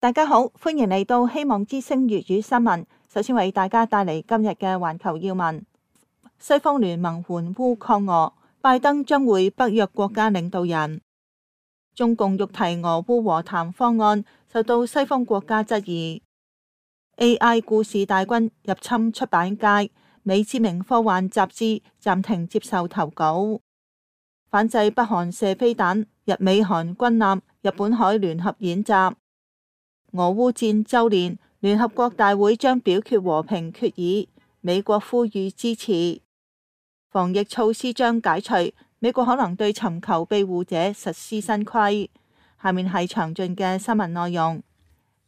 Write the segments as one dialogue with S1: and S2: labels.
S1: 大家好，歡迎嚟到希望之聲粵語新聞。首先為大家帶嚟今日嘅環球要聞：西方聯盟援烏抗俄，拜登將會北約國家領導人；中共欲提俄烏和談方案，受到西方國家質疑。AI 故事大軍入侵出版界，美知名科幻雜誌暫停接受投稿。反制北韓射飛彈，日美韓軍艦日本海聯合演習。俄烏戰周年，聯合國大會將表決和平決議。美國呼籲支持。防疫措施將解除，美國可能對尋求庇護者實施新規。下面係詳盡嘅新聞內容：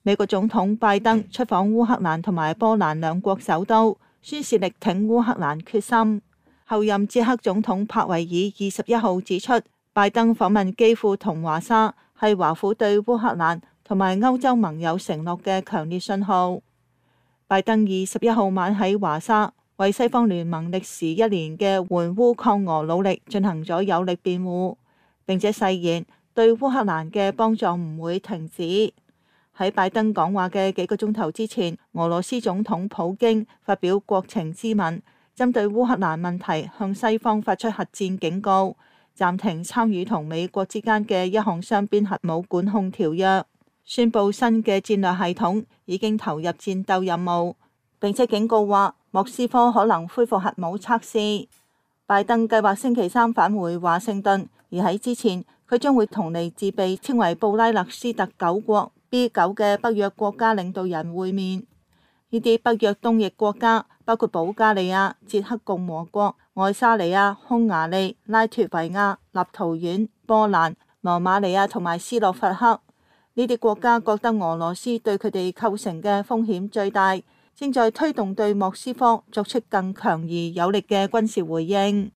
S1: 美國總統拜登出訪烏克蘭同埋波蘭兩國首都，宣示力挺烏克蘭決心。后任捷克總統帕維爾二十一號指出，拜登訪問基輔同華沙係華府對烏克蘭同埋歐洲盟友承諾嘅強烈信號。拜登二十一號晚喺華沙為西方聯盟歷時一年嘅援烏抗俄努力進行咗有力辯護，並且誓言對烏克蘭嘅幫助唔會停止。喺拜登講話嘅幾個鐘頭之前，俄羅斯總統普京發表國情咨文，針對烏克蘭問題向西方發出核戰警告，暫停參與同美國之間嘅一項雙邊核武管控條約。宣布新嘅戰略系統已經投入戰鬥任務，並且警告話莫斯科可能恢復核武測試。拜登計劃星期三返回華盛頓，而喺之前佢將會同嚟自被稱為布拉勒斯特九國 （B 九）嘅北約國家領導人會面。呢啲北約東翼國家包括保加利亞、捷克共和國、愛沙尼亞、匈牙利、拉脱維亞、立陶宛、波蘭、羅馬尼亞同埋斯洛伐克。呢啲國家覺得俄羅斯對佢哋構成嘅風險最大，正在推動對莫斯科作出更強而有力嘅軍事回應。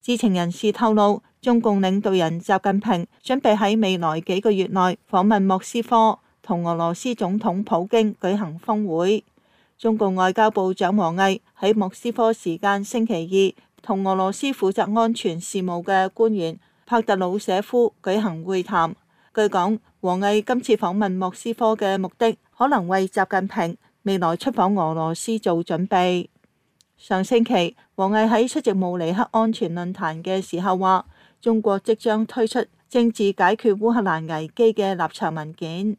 S1: 知情人士透露，中共領導人習近平準備喺未來幾個月內訪問莫斯科，同俄羅斯總統普京舉行峰會。中共外交部長王毅喺莫斯科時間星期二同俄羅斯負責安全事務嘅官員帕特魯舍夫舉行會談。據講，王毅今次訪問莫斯科嘅目的，可能為習近平未來出訪俄羅斯做準備。上星期，王毅喺出席慕尼黑安全論壇嘅時候話，中國即將推出政治解決烏克蘭危機嘅立場文件，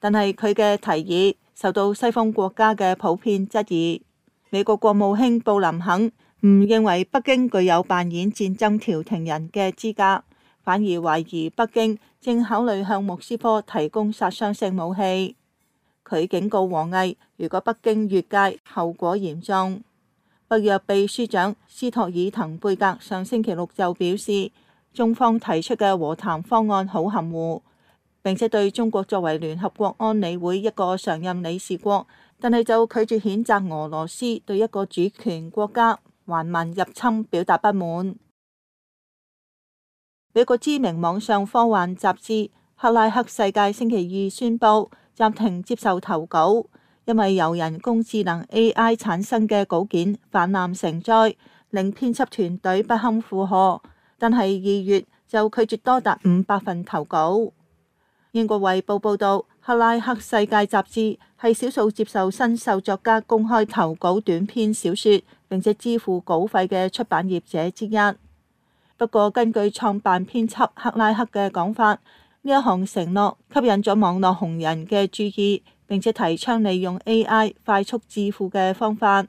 S1: 但係佢嘅提議受到西方國家嘅普遍質疑。美國國務卿布林肯唔認為北京具有扮演戰爭調停人嘅資格。反而懷疑北京正考慮向莫斯科提供殺傷性武器。佢警告王毅，如果北京越界，後果嚴重。北約秘書長斯托爾滕貝格上星期六就表示，中方提出嘅和談方案好含糊，並且對中國作為聯合國安理會一個常任理事國，但係就拒絕譴責俄羅斯對一個主權國家橫蠻入侵，表達不滿。美國知名網上科幻雜誌《克拉克世界》星期二宣佈暫停接受投稿，因為由人工智能 AI 產生嘅稿件氾濫成災，令編輯團隊不堪負荷。但係二月就拒絕多達五百份投稿。英國報報《衛報》報道，《克拉克世界》雜誌係少數接受新秀作家公開投稿短篇小説並且支付稿費嘅出版業者之一。不過，根據創辦編輯克拉克嘅講法，呢一項承諾吸引咗網絡紅人嘅注意，並且提倡利用 A.I. 快速致富嘅方法。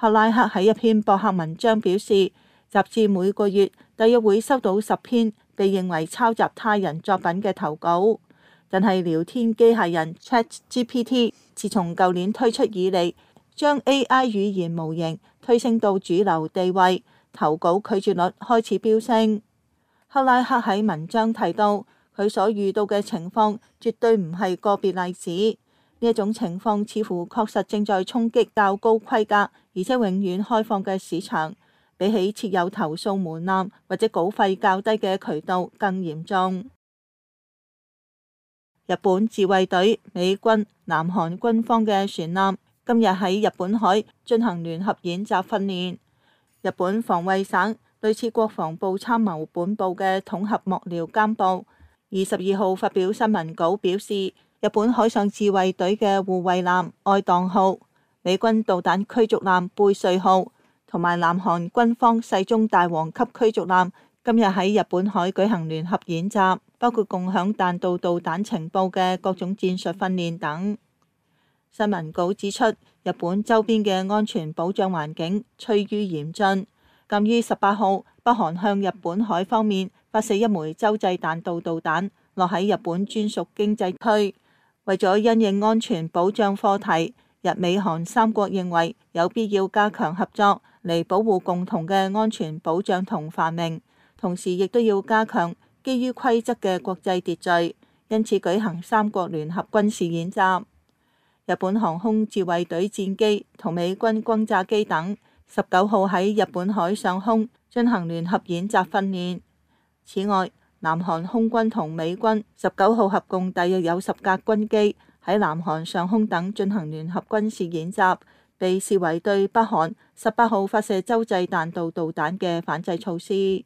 S1: 克拉克喺一篇博客文章表示，雜誌每個月大約會收到十篇被認為抄襲他人作品嘅投稿。但係聊天機械人 ChatGPT 自從舊年推出以嚟，將 A.I. 語言模型推升到主流地位。投稿拒絕率開始飆升。克拉克喺文章提到，佢所遇到嘅情況絕對唔係個別例子。呢一種情況似乎確實正在衝擊較高規格而且永遠開放嘅市場，比起設有投訴門檻或者稿費較低嘅渠道更嚴重。日本自衛隊、美軍、南韓軍方嘅船艦今日喺日本海進行聯合演習訓練。日本防衛省類似國防部參謀本部嘅統合幕僚監部，二十二號發表新聞稿表示，日本海上自衛隊嘅護衛艦愛宕號、美軍導彈驅逐艦貝瑞號同埋南韓軍方世宗大王級驅逐艦，今日喺日本海舉行聯合演習，包括共享彈道導彈情報嘅各種戰術訓練等。新聞稿指出，日本周邊嘅安全保障環境趨於嚴峻。鑒於十八號，北韓向日本海方面發射一枚洲際彈道導彈，落喺日本專屬經濟區。為咗因應安全保障課題，日美韓三國認為有必要加強合作，嚟保護共同嘅安全保障同繁榮。同時，亦都要加強基於規則嘅國際秩序。因此，舉行三國聯合軍事演習。日本航空自衛隊戰機同美軍轟炸機等十九號喺日本海上空進行聯合演習訓練。此外，南韓空軍同美軍十九號合共大約有十架軍機喺南韓上空等進行聯合軍事演習，被視為對北韓十八號發射洲際彈道導彈嘅反制措施。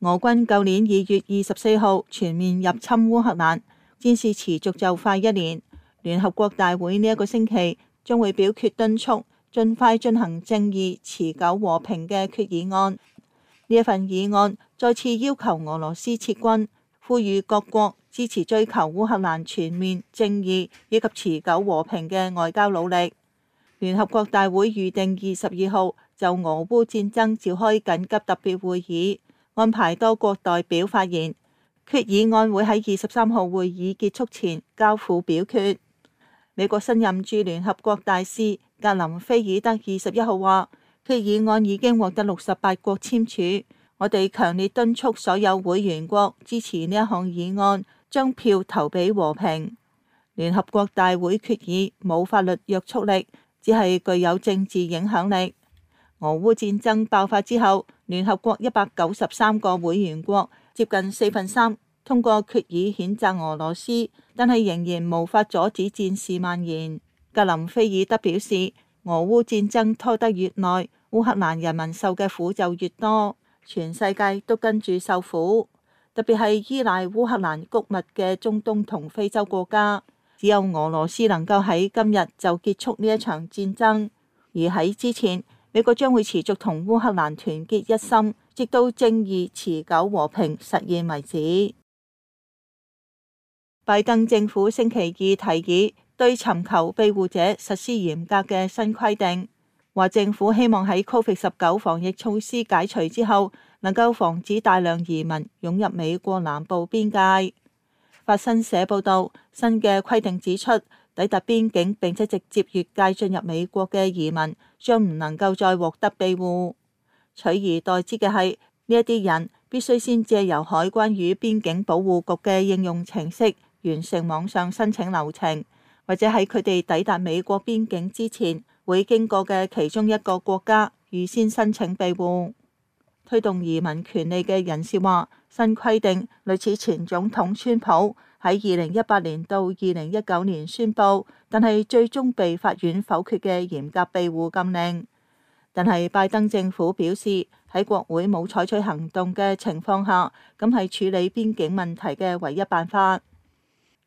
S1: 俄軍舊年二月二十四號全面入侵烏克蘭，戰事持續就快一年。聯合國大會呢一個星期將會表決敦促盡快進行正義持久和平嘅決議案。呢一份議案再次要求俄羅斯撤軍，呼籲各國支持追求烏克蘭全面正義以及持久和平嘅外交努力。聯合國大會預定二十二號就俄烏戰爭召開緊急特別會議，安排多國代表發言。決議案會喺二十三號會議結束前交付表決。美國新任駐聯合國大使格林菲爾德二十一號話：決議案已經獲得六十八國簽署，我哋強烈敦促所有會員國支持呢一項議案，將票投俾和平。聯合國大會決議冇法律約束力，只係具有政治影響力。俄烏戰爭爆發之後，聯合國一百九十三個會員國接近四分三。通過決議譴責俄羅斯，但係仍然無法阻止戰事蔓延。格林菲爾德表示：俄烏戰爭拖得越耐，烏克蘭人民受嘅苦就越多，全世界都跟住受苦。特別係依賴烏克蘭谷物嘅中東同非洲國家，只有俄羅斯能夠喺今日就結束呢一場戰爭。而喺之前，美國將會持續同烏克蘭團結一心，直到正義持久和平實現為止。拜登政府星期二提議對尋求庇護者實施嚴格嘅新規定，話政府希望喺 COVID 十九防疫措施解除之後，能夠防止大量移民湧入美國南部邊界。法新社報導，新嘅規定指出，抵達邊境並且直接越界進入美國嘅移民，將唔能夠再獲得庇護。取而代之嘅係呢一啲人必須先借由海關與邊境保護局嘅應用程式。完成網上申請流程，或者喺佢哋抵達美國邊境之前，會經過嘅其中一個國家預先申請庇護。推動移民權利嘅人士話：新規定類似前總統川普喺二零一八年到二零一九年宣布，但係最終被法院否決嘅嚴格庇護禁令。但係拜登政府表示，喺國會冇採取行動嘅情況下，噉係處理邊境問題嘅唯一辦法。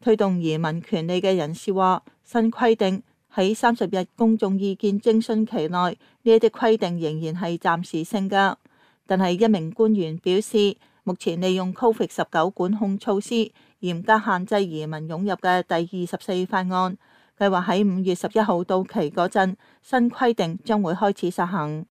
S1: 推動移民權利嘅人士話：新規定喺三十日公眾意見徵詢期內，呢一啲規定仍然係暫時性㗎。但係一名官員表示，目前利用 Covid 十九管控措施嚴格限制移民湧入嘅第二十四法案，計劃喺五月十一號到期嗰陣，新規定將會開始實行。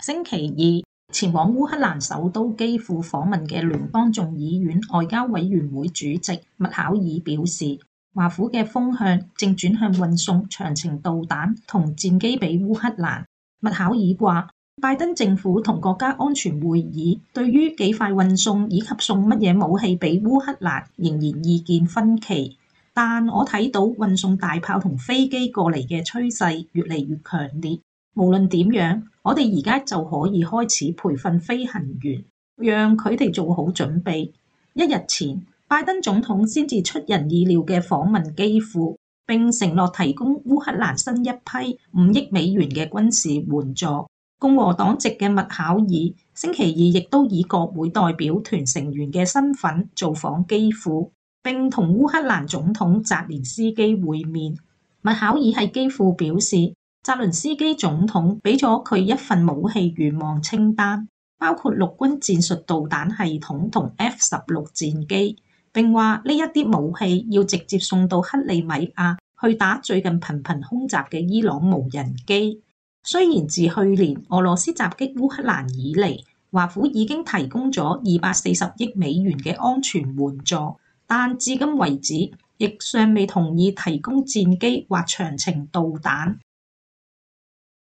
S2: 星期二。前往烏克蘭首都基輔訪問嘅聯邦眾議院外交委員會主席麥考爾表示，華府嘅風向正轉向運送長程導彈同戰機畀烏克蘭。麥考爾話，拜登政府同國家安全會議對於幾快運送以及送乜嘢武器畀烏克蘭仍然意見分歧，但我睇到運送大炮同飛機過嚟嘅趨勢越嚟越強烈。無論點樣，我哋而家就可以開始培訓飛行員，讓佢哋做好準備。一日前，拜登總統先至出人意料嘅訪問基庫，並承諾提供烏克蘭新一批五億美元嘅軍事援助。共和黨籍嘅麥考爾星期二亦都以國會代表團成員嘅身份造訪基庫，並同烏克蘭總統澤連斯基會面。麥考爾喺基庫表示。扎澤倫斯基總統俾咗佢一份武器願望清單，包括陸軍戰術導彈系統同 F 十六戰機，並話呢一啲武器要直接送到克里米亞去打最近頻頻空襲嘅伊朗無人機。雖然自去年俄羅斯襲擊烏克蘭以嚟，華府已經提供咗二百四十億美元嘅安全援助，但至今為止亦尚未同意提供戰機或長程導彈。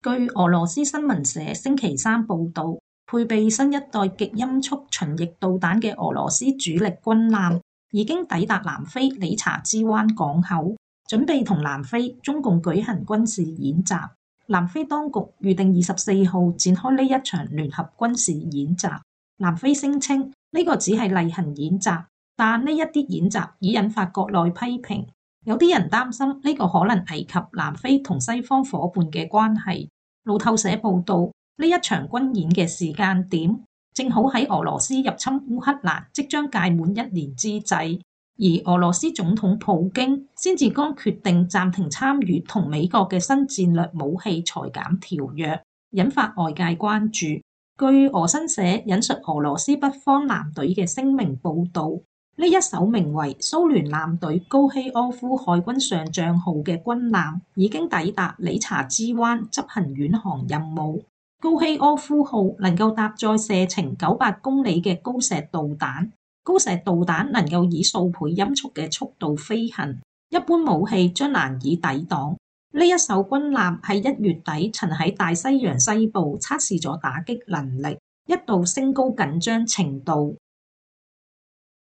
S2: 據俄羅斯新聞社星期三報道，配備新一代極音速巡弋導彈嘅俄羅斯主力軍艦已經抵達南非理查茲灣港口，準備同南非中共舉行軍事演習。南非當局預定二十四號展開呢一場聯合軍事演習。南非聲稱呢個只係例行演習，但呢一啲演習已引發國內批評。有啲人擔心呢個可能危及南非同西方夥伴嘅關係。路透社報道，呢一場軍演嘅時間點，正好喺俄羅斯入侵烏克蘭即將屆滿一年之際，而俄羅斯總統普京先至剛決定暫停參與同美國嘅新戰略武器裁減條約，引發外界關注。據俄新社引述俄羅斯北方艦隊嘅聲明報道。呢一艘名為蘇聯艦隊高希柯夫海軍上將號嘅軍艦，已經抵達理查茲灣執行遠航任務。高希柯夫號能夠搭載射程九百公里嘅鋯石導彈，鋯石導彈能夠以數倍音速嘅速度飛行，一般武器將難以抵擋。呢一艘軍艦喺一月底曾喺大西洋西部測試咗打擊能力，一度升高緊張程度。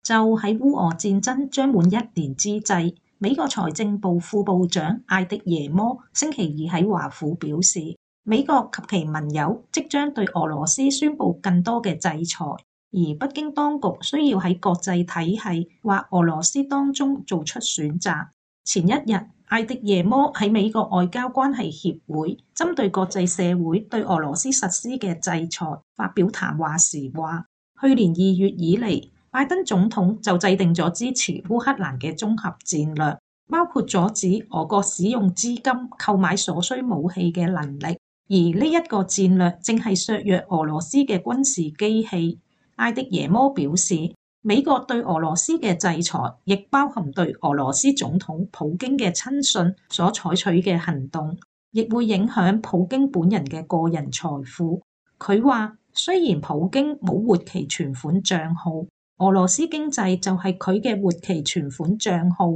S2: 就喺烏俄戰爭將滿一年之際，美國財政部副部長艾迪耶摩星期二喺華府表示，美國及其盟友即將對俄羅斯宣布更多嘅制裁，而北京當局需要喺國際體系或俄羅斯當中做出選擇。前一日，艾迪耶摩喺美國外交關係協會針對國際社會對俄羅斯實施嘅制裁發表談話時話：去年二月以嚟。拜登總統就制定咗支持烏克蘭嘅綜合戰略，包括阻止俄國使用資金購買所需武器嘅能力。而呢一個戰略正係削弱俄羅斯嘅軍事機器。艾迪耶摩表示，美國對俄羅斯嘅制裁亦包含對俄羅斯總統普京嘅親信所採取嘅行動，亦會影響普京本人嘅個人財富。佢話：雖然普京冇活期存款賬號。俄羅斯經濟就係佢嘅活期存款賬號，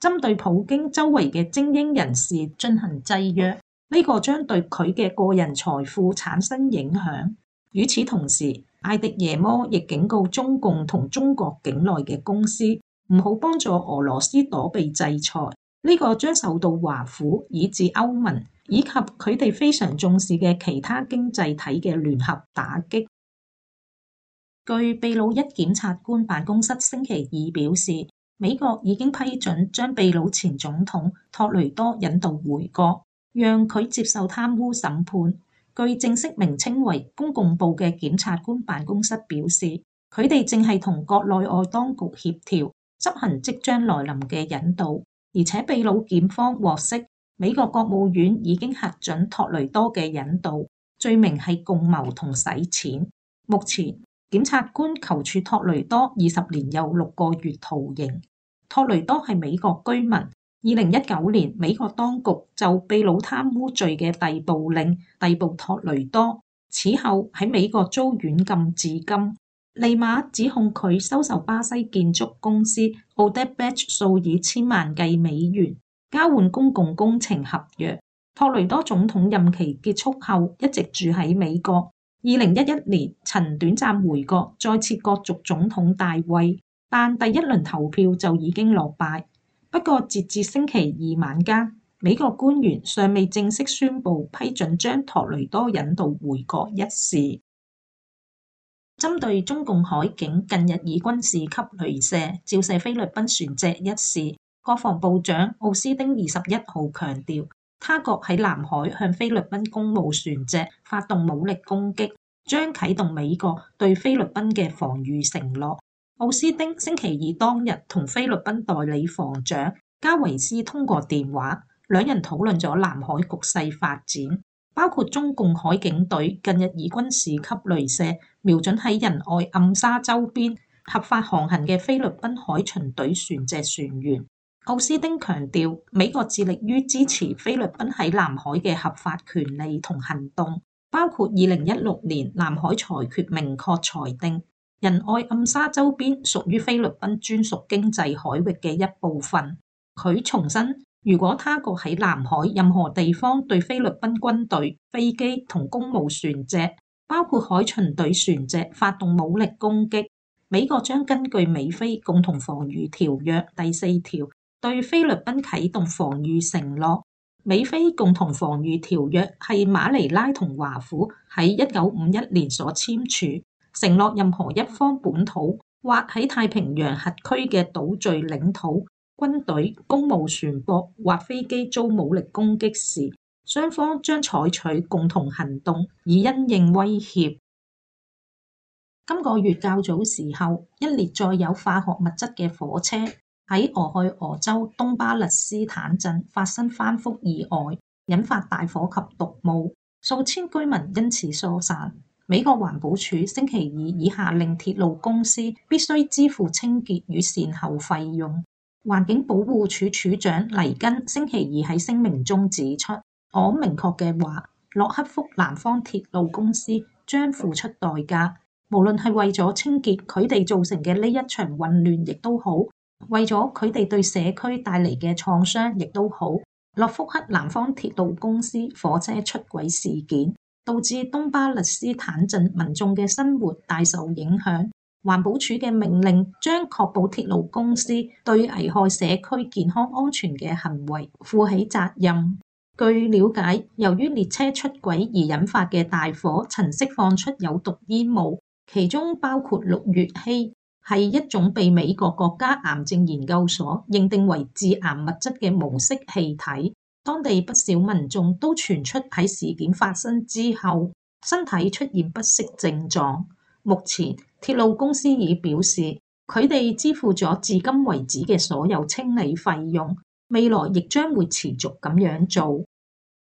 S2: 針對普京周圍嘅精英人士進行制約，呢個將對佢嘅個人財富產生影響。與此同時，艾迪耶摩亦警告中共同中國境內嘅公司唔好幫助俄羅斯躲避制裁，呢個將受到華府以至歐盟以及佢哋非常重視嘅其他經濟體嘅聯合打擊。據秘魯一檢察官辦公室星期二表示，美國已經批准將秘魯前總統托雷多引渡回國，讓佢接受貪污審判。據正式名稱為公共部嘅檢察官辦公室表示，佢哋正係同國內外當局協調執行即將來臨嘅引渡。而且秘魯檢方獲悉，美國國務院已經核准托雷多嘅引渡，罪名係共謀同洗錢。目前。檢察官求處托雷多二十年又六個月徒刑。托雷多係美國居民。二零一九年，美國當局就秘魯貪污罪嘅逮捕令逮捕托雷多，此後喺美國遭軟禁至今。利馬指控佢收受巴西建築公司 o d e b 二零一一年曾短暫回國，再次角逐總統大位，但第一輪投票就已經落敗。不過，截至星期二晚間，美國官員尚未正式宣布批准將托雷多引渡回國一事。針對中共海警近日以軍事級雷射照射菲律賓船隻一事，國防部長奧斯丁二十一號強調。他國喺南海向菲律賓公務船隻發動武力攻擊，將啟動美國對菲律賓嘅防禦承諾。奧斯丁星期二當日同菲律賓代理防長加維斯通過電話，兩人討論咗南海局勢發展，包括中共海警隊近日以軍事級雷射瞄準喺仁愛暗沙周邊合法航行嘅菲律賓海巡隊船隻船員。奧斯汀強調，美國致力於支持菲律賓喺南海嘅合法權利同行動，包括二零一六年南海裁決明確裁定仁愛暗沙周邊屬於菲律賓專屬經濟海域嘅一部分。佢重申，如果他國喺南海任何地方對菲律賓軍隊、飛機同公務船隻，包括海巡隊船隻發動武力攻擊，美國將根據美菲共同防禦條約第四條。對菲律賓啟動防禦承諾，美菲共同防禦條約係馬尼拉同華府喺一九五一年所簽署，承諾任何一方本土或喺太平洋轄區嘅島嶼領土、軍隊、公務船舶或飛機遭武力攻擊時，雙方將採取共同行動以因應威脅。今個月較早時候，一列載有化學物質嘅火車。喺俄亥俄州東巴勒斯坦鎮發生翻覆意外，引發大火及毒霧，數千居民因此疏散。美國環保署星期二已下令鐵路公司必須支付清潔與善後費用。環境保護署署長黎根星期二喺聲明中指出，我明確嘅話，洛克福南方鐵路公司將付出代價，無論係為咗清潔佢哋造成嘅呢一場混亂，亦都好。為咗佢哋對社區帶嚟嘅創傷，亦都好。洛福克南方鐵路公司火車出軌事件，導致東巴利斯坦鎮民眾嘅生活大受影響。環保署嘅命令將確保鐵路公司對危害社區健康安全嘅行為負起責任。據了解，由於列車出軌而引發嘅大火，曾釋放出有毒煙霧，其中包括氯乙烯。係一種被美國國家癌症研究所認定為致癌物質嘅無色氣體，當地不少民眾都傳出喺事件發生之後，身體出現不適症狀。目前鐵路公司已表示，佢哋支付咗至今為止嘅所有清理費用，未來亦將會持續咁樣做。